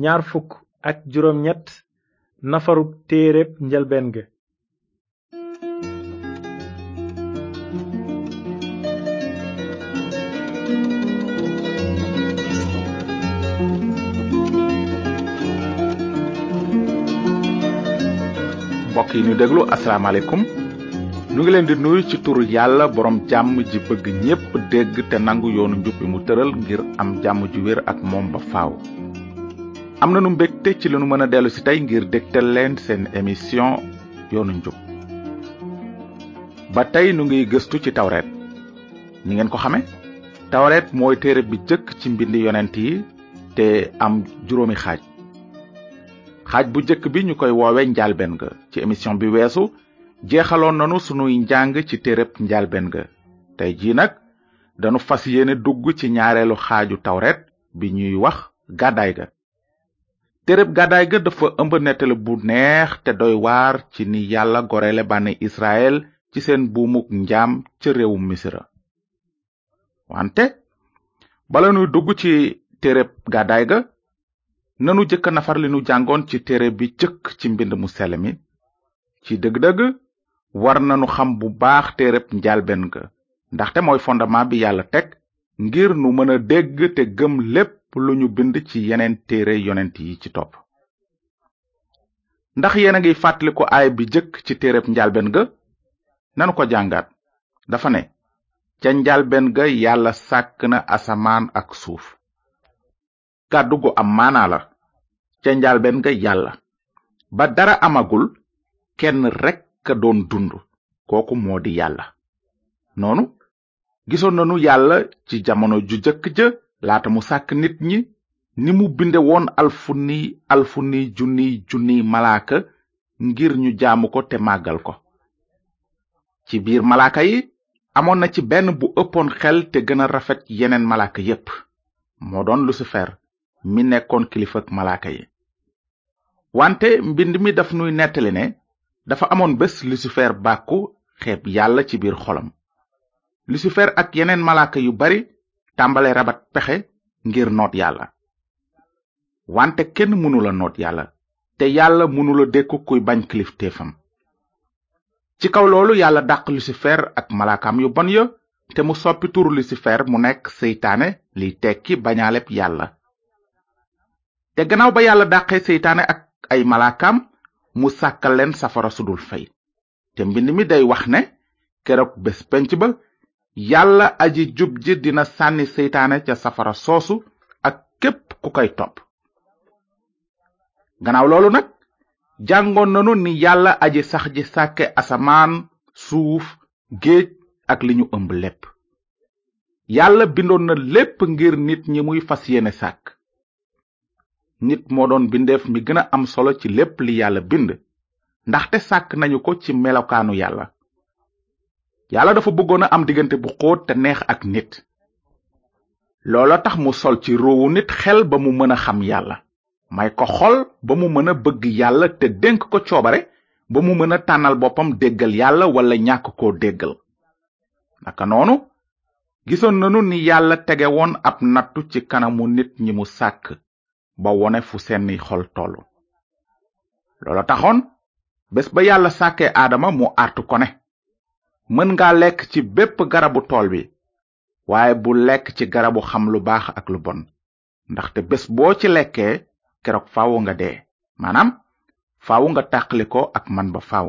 ñaar fukk ak juróom njëlbeen ga yi ñu déglu asalaamaaleykum ñu ngi leen di nuyu ci turu yàlla borom jàmm ji bëgg ñépp dégg te nangu yoonu njub mu tëral ngir am jàmm ju wér ak moom ba faaw am na nu mbégte ci la nu mën a dellu si tey ngir dégtal leen seen émission yoonu njub ba tey nu ngi gëstu ci tawreet ni ngeen ko xame tawreet mooy téere bi jëkk ci mbindi yonent yi te am juróomi xaaj xaaj bu jëkk bi ñu koy woowee njaalbeen ga ci émission bi weesu jeexaloon nanu sunuy njàng ci téereb njaalbeen ga tey jii nag danu fas yéene dugg ci ñaareelu xaaju tawret bi ñuy wax gàddaay ga téréb gàddaay ga dafa ëmb nettali bu neex te doy waar ci ni yàlla gorele bànni israel ci seen buumuk njaam ca réewum misra wante bala nuy dugg ci téréb gàddaay ga nanu jëkk nafar li nu jàngoon ci téere bi jëkk ci mbind mu sell ci dëgg-dëgg war nanu xam bu baax téereb njalben ga ndaxte mooy fondement bi yàlla teg ngir nu mën a dégg te gëm lépp lu ñu bind ci yeneen téere yonent yi ci topp ndax yéen a ngi fàttaliku aay bi jëkk ci téere njalben ga nanu ko jàngaat dafa ne ca njalben ga yàlla sàkk na asamaan ak suuf kàddu gu am maanaa la ca njalbeen ga yàlla ba dara amagul kenn rekk a doon dund kooku moo di yàlla noonu gisoon nanu yàlla ci jamono ju jëkk ja laata mu sàkk nit ñi ni mu binde woon alfuni alfuni junni junni malaaka ngir ñu jaamu ko te màggal ko ci biir malaaka yi amoon na ci benn bu ëppoon xel te gën a rafet yeneen malaaka yépp moo doon lucifer mi nekkoon kilifak malaaka yi wante mbind mi daf nuy nettali ne dafa amoon bés lucifer bàkku xeeb yàlla ci biir xolam lucifer ak yeneen malaaka yu bari tàmbale rabat pexe ngir noot yàlla wante kenn mënula noot yàlla te yàlla mënula dékku kuy bañ kilifteefam ci kaw loolu yàlla dàq lucifer ak malaakaam yu bon ya te mu soppi turu lucifer mu nekk seytaane li tekki bañaaleb yàlla te gannaaw ba yàlla dàqee seytaane ak ay malaakam mu sàkkal leen safara sudul fey te mbind mi day wax ne keroog bés penc ba yàlla aji jub dina sànni seytaane ca safara soosu ak képp ku koy topp gannaaw loolu nag jàngoon na nanu ni yàlla aji sax ji sàkke asamaan suuf géej ak li ñu ëmb lépp yàlla bindoon na lépp ngir nit ñi muy fas yéene sàkk nit moo doon bindeef mi gën a am solo ci lépp li yàlla bind ndaxte sàkk nañu ko ci melokaanu yàlla yàlla dafa bëggoon a am diggante bu xóot te neex ak nit loola tax mu sol ci ruuwu nit xel ba mu mën a xam yàlla may ko xol ba mu mën a bëgg yàlla te dénk ko coobare ba mu mën a tànnal boppam déggal yàlla walla ñàkk koo déggal naka noonu gisoon nanu ni yàlla tege woon ab nattu ci kanamu nit ñi mu sàkk ba wone fu seeni xol tollu loola taxoon bés ba yàlla sàkkee aadama mu artu ko ne mën nga lekk ci bépp garabu tool bi waaye bu lekk ci garabu xam lu baax ak lu bon ndaxte bés boo ci lekkee keroog faaw nga dee maanaam faaw nga tàqali ko ak man ba faaw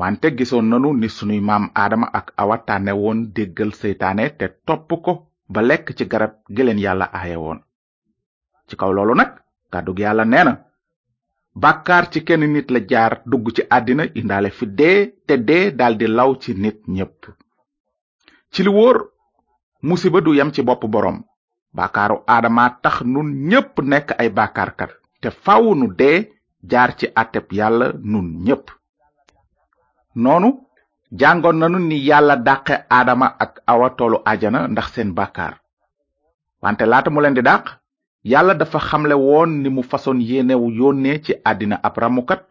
wante gisoon nanu ni sunuy maam aadama ak awa tànne woon déggal seytaane te topp ko ba lekk ci garab gi leen yàlla aaye woon ci kaw loolu nag kàddug yàlla nee na bàkkaar ci kenn nit la jaar dugg ci àddina indaale fi dee te dee daldi law ci nit ñépp ci li wóor musiba du yem ci bopp boroom bàkkaaru aadama tax nun ñépp nekk ay bàkkaarkat te faw nu dee jaar ci àtteb yàlla nun ñépp noonu jàngoon nanu ni yàlla dàqe aadama ak awa toolu ajana ndax seen bàkkaar wante laata leen di dàq yàlla dafa xamle woon ni mu fasoon yéenewu yónnee ci àddina ab ramukat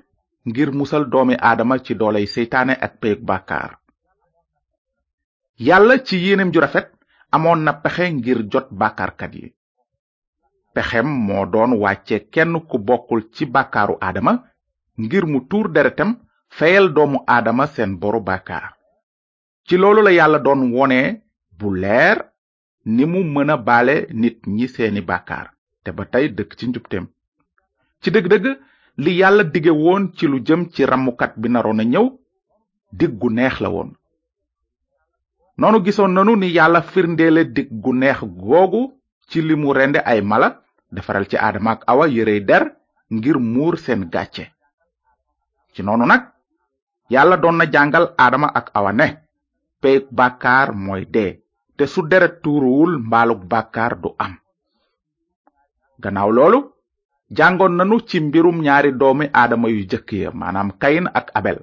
ngir musal doomi aadama ci dooley seytaane ak peyug bàkkaar yàlla ci yéeneem ju rafet amoon na pexe ngir jot bàkkaarkat yi pexem moo doon wàcce kenn ku bokkul ci bàkkaaru aadama ngir mu tuur deretem feyal doomu aadama seen boru bàkkaar ci loolu la yàlla doon wone bu leer ni mu mën a baale nit ñi seeni bàkkaar te ba tey dëkk ci njubteem ci dëgg-dëgg li yàlla dige woon ci lu jëm ci ramukat bi naroon a ñëw dig gu neex la woon noonu gisoon nanu ni yàlla firndeele dig gu neex googu ci li mu rende ay mala defaral ci aadama ak awa yërey der ngir muur seen gàcce ci noonu nag yàlla doon na jàngal aadama ak awa ne peyug bàkkaar mooy dee te su deret tuuruwul mbaalug bàkkaar du am gannaaw loolu jàngoon nanu ci mbirum ñaari doomi aadama yu jëkk ya maanaam kayin ak abel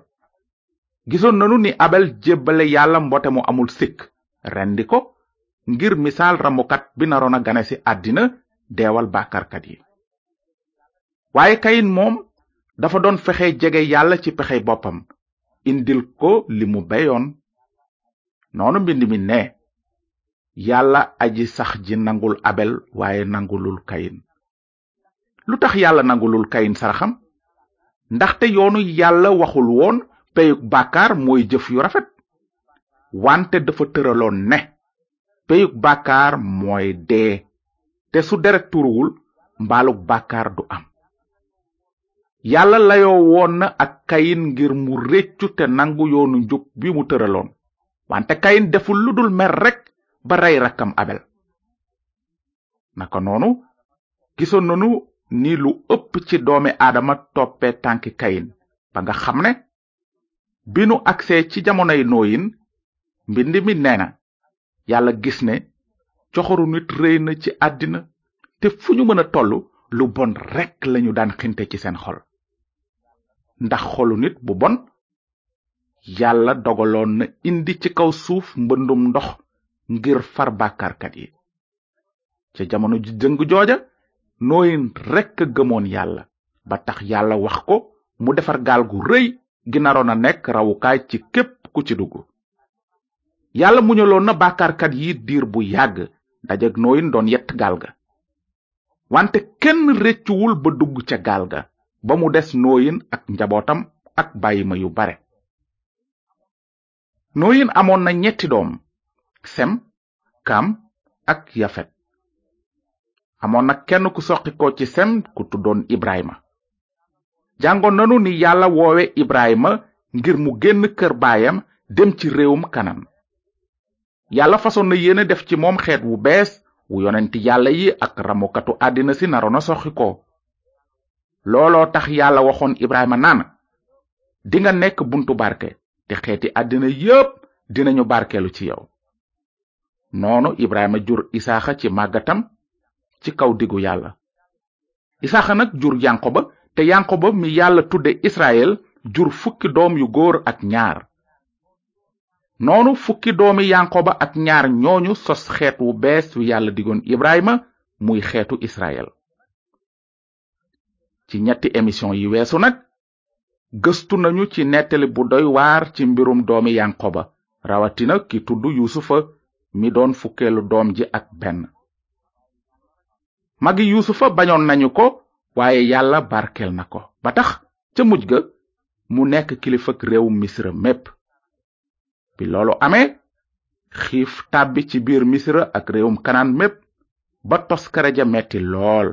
gisoon nanu ni abel jébbale yàlla mbote mu amul sikk rendi ko ngir misaal ramukat bi naroon a gane ci àddina deewal bàkkarkat yi waaye kayin moom dafa doon fexe jege yàlla ci pexe boppam indil ko li mu beyoon noonu mbind mi ne yàlla aji sax ji nangul abel waaye nangulul kayin lu tax yàlla nangulul kayin saraxam ndaxte yoonu yàlla waxul woon peyug bàkkaar mooy jëf yu rafet wante dafa tëraloon ne peyug bàkkaar mooy dee te su deret turuwul mbaalug bàkkaar du am yàlla layoo woon na ak kayin ngir mu réccu te nangu yoonu njub bi mu tëraloon wante kayin deful lu dul mer rekk ba rey rakkam abel naka noonu gisoon nanu ni lu ëpp ci doomi aadama toppe tànki kayin ba nga xam ne bi nu agsee ci jamonoy nooyin mbind mi nee na yàlla gis ne coxoru nit rëy na ci àddina te fu ñu mën a toll lu bon rekk lañu daan xinte ci seen xol ndax xolu nit bu bon yàlla dogaloon na indi ci kaw suuf mbëndum ndox ngir far bàkkaarkat yi ca jamono ju jëng jooja nooyin rekk gëmoon yàlla ba tax yàlla wax ko mu defar gaal gu rëy gi naroon a nekk rawukaay ci képp ku ci dugg yàlla mu muñaloon na bàkkaarkat yi diir bu yàgg dajeg nooyin doon yett gaal ga wante kenn réccuwul ba dugg ca gaal ga ba mu des nooyin ak njabootam ak bàyyima yu bare nooyin amoon na ñetti doom sem kam ak yafet amoon na kenn ku soqikoo ci sem ku tuddoon ibrahima jàngoon nanu ni yàlla woowe ibrahima ngir mu génn kër baayam dem ci réewum kanam yàlla fasoon na yéene def ci moom xeet wu bees wu yonenti yàlla yi ak ramukatu àddina si naroon a soxi looloo tax yàlla waxoon ibrahima naan dinga nekk buntu barke te xeeti àddina yépp dinañu barkeelu ci yow noonu ibrahima jur isaaxa ci màggatam ci kaw diggu yàlla isaaxa nag jur yanqoba te yanqoba mi yàlla tudde israel jur fukki doom yu góor ak ñaar noonu fukki doomi yanqoba ak ñaar ñooñu sos xeet wu bees wi yàlla digoon ibrahima muy xeetu israel ci ñetti émission yi weesu nag gëstu nañu ci nettali bu doy waar ci mbirum doomi yanqoba rawatina ki tudd yusufa mi doon fukkeelu doom ji ak benn magi yuusufa bañoon nañu ko waaye yàlla barkeel na ko ba tax ca mujj ga mu nekk kilifak réew misra mépp bi loolu amee xiif tàbbi ci biir misra ak réewum kanaan mépp ba tos ja metti lool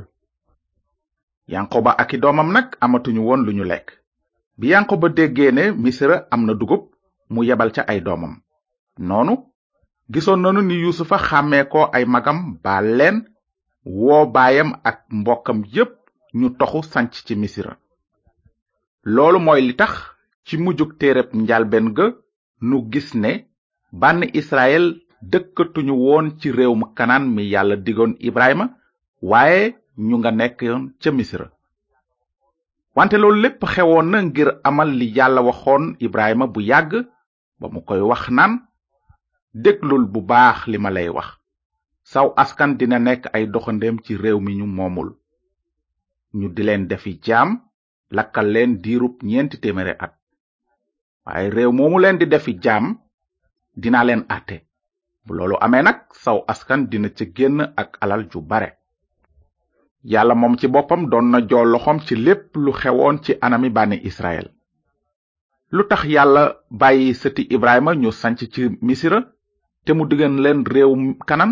yankoba ak doomam nag amatuñu woon lu ñu lekk bi yankoba déggee ne misra am na dugub mu yebal ca ay doomam noonu gisoon nanu ni yuusufa xàmmee ko ay magam baal leen woo baayam ak mbokkam yépp ñu toxu sanc ci misira loolu mooy li tax ci mujjug téereb njalbeen ga nu gis ne bànn israel dëkkatuñu woon ci réewum kanaan mi yàlla diggoon ibrahima waaye ñu nga nekk ca misira wante loolu lépp xewoon na ngir amal li yàlla waxoon ibrahima bu yàgg ba mu koy wax naan déglul bu baax li ma lay wax saw askan dina nekk ay doxandeem ci réew mi ñu moomul ñu di leen defi jaam lakkal leen diirub ñeenti téeméeri at waaye réew moomu leen di defi jaam dina leen àtte bu loolu amee nag saw askan dina ca génn ak alal ju bare yàlla moom ci boppam doon na joo loxoom ci lépp lu xewoon ci anami bànni israel lu tax yàlla bàyyi sëti ibrahima ñu sanc ci misira te mu diggan leen réew kanam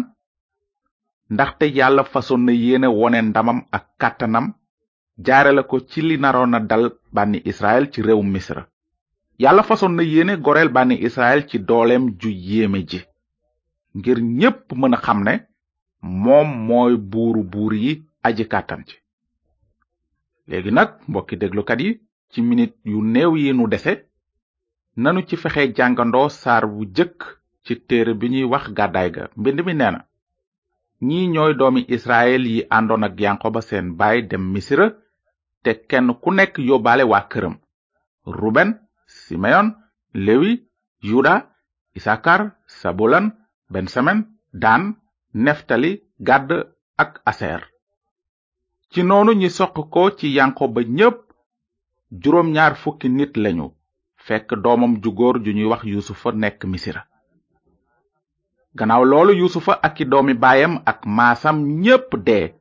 ndaxte yàlla fasoon na yéene wone ndamam ak kàttanam jaarale ko ci li naroon na dal bànni israel ci réew misra yàlla fasoon na yéene goreel bànni israel ci dooleem ju yéeme ji ngir ñépp mën a xam ne moom mooy buuru buur yi aji kàttan ci léegi nag mbokki déglukat yi ci minit yu néew yi nu dese nanu ci fexe jàngandoo saar bu jëkk ci téere bi ñuy wax gàddaay ga mbind mi neena ñi ñooy doomi israel yi àndoon ak yanqoba seen baay dem misira te kenn ku nekk yóbbaale waa këram ruben simeyon lewi yuda isakar sabulan bensamen daan neftali gàdd ak aseer ci noonu ñi soq ko ci yanqoba ñépp juróom ñaar fukki nit lañu fekk doomam ju góor ju ñuy wax yusufa nekk misira gannaaw loolu yuusufa ak doomi baayam ak maasam ñépp dee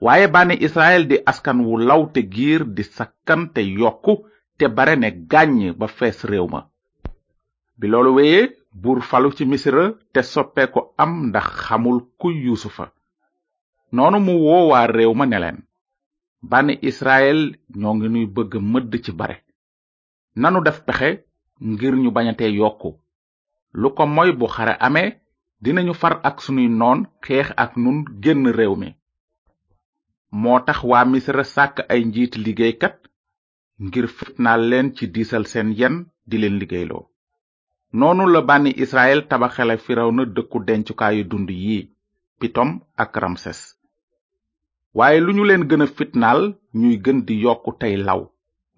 waaye bànni israel di askan wu law te giir di sakkan te yokku te bare ne gàññ ba fees réew ma bi loolu wéyee buur falu ci misira te soppee am ndax xamul ku yuusufa noonu mu woo réew ma ne leen bànni israel ñoo ngi nuy bëgg mëdd ci bare nanu def pexe ngir ñu bañatee yokku lu ko moy bu xare amee dinañu far ak sunuy noon xeex ak nun génn réew mi moo tax waa misra sàkk ay njiit liggéeykat ngir fitnaal leen ci diisal seen yenn di leen liggéeyloo noonu la bànni israel tabaxale na dëkku dencukaayu dund yi pitom ak ramses waaye lu ñu leen gëna a fitnaal ñuy gën di yokku tey law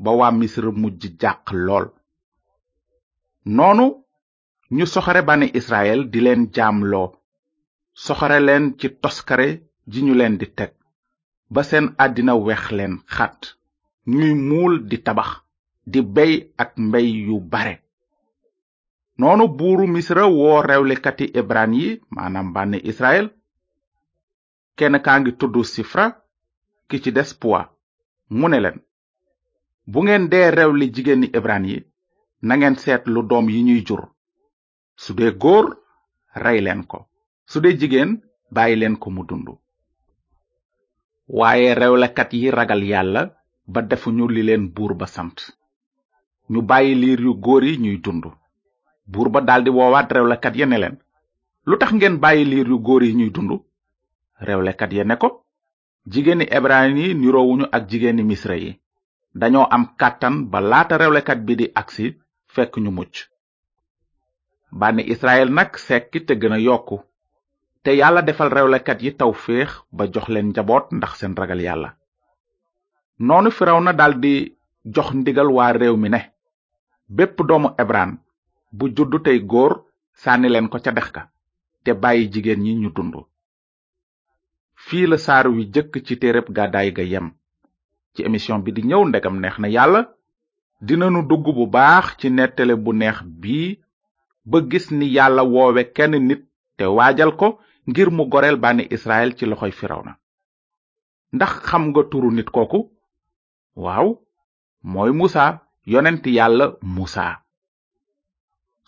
ba waa misra mujj jàq lool noonu ñu soxore bànni israel di leen jaamloo soxore leen ci toskare ji ñu leen di teg ba seen àddina weex leen xat ñuy muul di tabax di bey ak mbey yu bare noonu buuru misra woo rewlikati ebraan yi maanaam banne israel kenn kaa ngi tudd sifra ki ci des puwa mu ne leen bu ngeen dee rewli jigéeni ebraan yi nangeen seet lu doom yi ñuy jur su dee góor rey leen ko su dee jigéen bàyyi leen ko mu dund waaye rewlekat yi ragal yàlla ba defuñu li leen buur ba sant ñu bàyyi liir yu góor yi ñuy dund buur ba daldi woowaat rewlekat ya ne leen lu tax ngeen bàyyi liir yu góor yi ñuy dund rewlekat ya ne ko jigéeni ebraan yi niroowuñu ak jigéeni misra yi dañoo am kàttan ba laata rewlekat bi di agsi fekk ñu mucc bànni israel nag sekki te gën a yokk te yàlla defal rewlekat yi taw féex ba jox leen njaboot ndax seen ragal yàlla noonu na daldi jox ndigal waa réew mi ne bépp doomu ebraan bu juddu tey góor sànni leen ko ca dex ka te bàyyi jigéen ñi ñu dund fii la saar wi jëkk ci téereb gàddaay ga yem ci émission bi di ñëw ndegam neex na yàlla dina nu dugg bu baax ci nettale bu neex bii ba gis ni yàlla woowe kenn nit te waajal ko ngir mu goreel bànni israel ci loxoy na ndax xam nga turu nit kooku waaw mooy musa yonent yàlla musa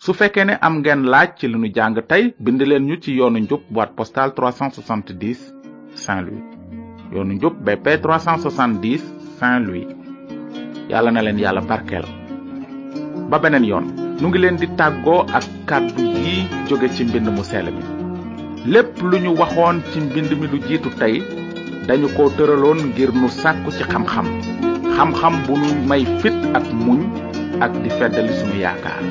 su fekkee ne am ngeen laaj ci li nu jàng tey bind leen ñu ci yoonu njub boîte postale 370 Saint-Louis yoonu njub BP 370 Saint-Louis yàlla na leen yàlla barkeel ba beneen yoon nu ngi leen di tàggoo ak kàddu yi jóge ci mbind mu sell mi lépp lu ñu waxoon ci mbind mi lu jiitu tey dañu ko tëraloon ngir nu sàkku ci xam-xam xam-xam bu nu may fit ak muñ ak di feddali sunu yaakaar